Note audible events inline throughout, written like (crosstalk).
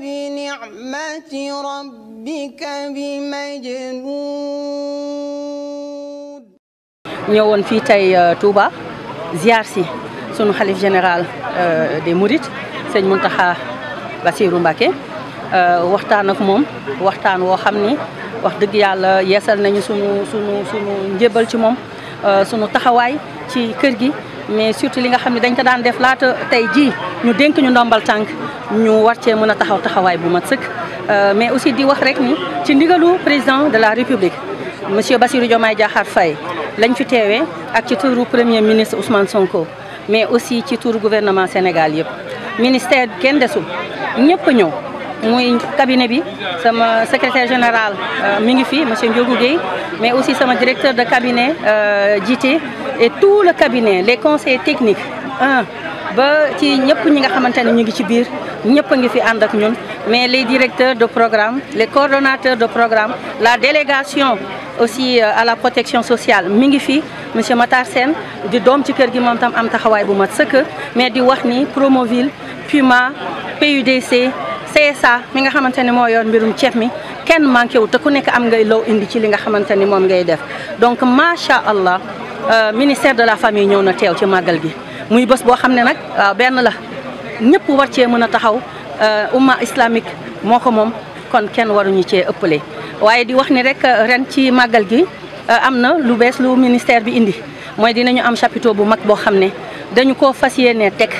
بنعمة ربك بمجنون ñëwoon fii tey euh, Touba ziar si sunu xalif général euh, des Mourides sëñ Mountakha Bassirou Mbacké euh, waxtaan ak moom waxtaan woo xam ni wax dëgg yàlla yesal nañu sunu sunu ci moom sunu taxawaay ci kër gi mais surtout li nga xam ne dañ ko daan def laata tey jii ñu dénk ñu ndombal tànk ñu war cee mën a taxaw taxawaay bu mat sëkk. Euh, mais aussi di wax rek ni ci ndigalu président de la république monsieur Bassirou Diomaye Diakhar fay lañ fi teewee ak ci turu premier ministre Ousmane Sonko mais aussi ci turu gouvernement Sénégal yëpp ministère kenn desul ñëpp ñëw. muy cabinet bi sama secretaire général euh, mu ngi fi monsieur Ndiogou Guèye mais aussi sama directeur de cabinet euh, jiite et tout le cabinet les conseils technique ba ci ñëpp ñi nga xamante ne ñu ngi ci biir ñëpp a ngi fi ànd ak ñun mais les directeurs de programme les coordonnateurs de programme la délégation aussi euh, à la protection sociale mi ngi fi monsieur Matar Sène di doom ci kër gi moom tam am taxawaay bu mat sëkk mais di wax ni Promoville Puma PUDC ça mi nga xamante ne moo yor mbirum ceeb mi kenn manqué wu te ku nekk am ngay loo indi ci li nga xamante ni moom ngay def donc macha allah. Euh, ministère de la famille ñëw na teew ci màggal gi muy bés boo xam ne nag waaw benn la ñëpp war cee mën a taxaw euh, umma islamique moo ko moom kon kenn waruñu cee ëppale waaye di wax ni rek euh, ren ci màggal gi am na lu bees lu ministère bi indi mooy dinañu am chapiteau bu mag boo xam ne dañu ko fas yéene teg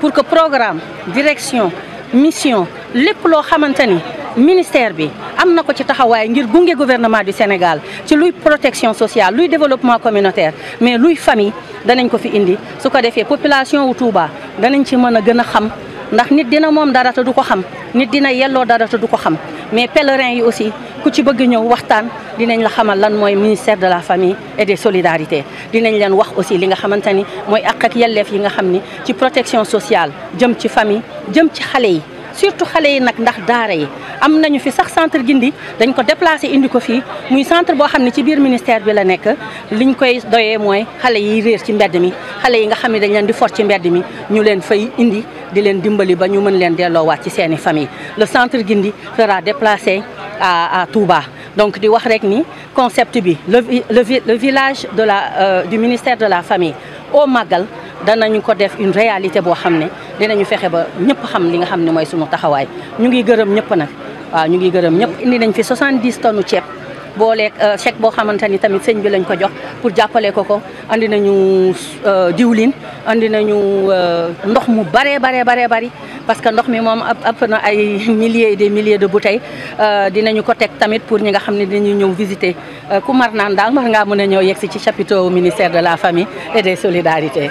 pour que programme direction mission lépp loo xamante ni ministère bi am na ko ci taxawaay ngir gunge gouvernement du Sénégal ci luy protection sociale luy développement communautaire mais luy famille danañ ko fi indi su ko defee population wu Touba danañ ci mën a gën a xam ndax nit dina moom dara du ko xam nit dina yelloo dara du ko xam mais pèlerin yi aussi ku ci bëgg ñëw waxtaan dinañ la xamal lan mooy ministère de la famille et des solidarité dinañ leen wax aussi li nga xamante ni mooy àq ak yelleef yi nga xam ni ci protection sociale jëm ci famille jëm ci xale yi surtout xale yi nag ndax daara yi am nañu fi sax centre gindi dañ ko déplacé indi ko fii muy centre boo xam ne ci biir ministère bi la nekk liñ koy doyee mooy xale yi réer ci mbedd mi xale yi nga xam ne dañ leen di for ci mbedd mi ñu leen fay indi di leen dimbali ba ñu mën leen delloowaat ci seeni famille le centre gindi sera déplacé à à Touba donc di wax rek ni concept bi le le village de la euh, du ministère de la famille o maggal danañu ko def une réalité boo xam ne dinañu fexe ba ñëpp xam li nga xam ne mooy suma taxawaay ñu ngi gërëm ñëpp nag waaw ñu ngi gërëm ñëpp indi nañ fi 70 tonnes ceeb booleeg euh, chèque boo xamante ni tamit sëñ bi lañ ko jox pour jàppale ko ko andi nañu euh, diwlin andi nañu euh, ndox mu baree baree baree bari parce que ndox mi moom app na ay (laughs) milliers et des milliers de bouteilles dinañu ko teg tamit pour ñi nga xam ne dinañu ñëw visiter ku mar naan daal war ngaa mën a ñëw yegg si ci chapiteau de la famille des solidarités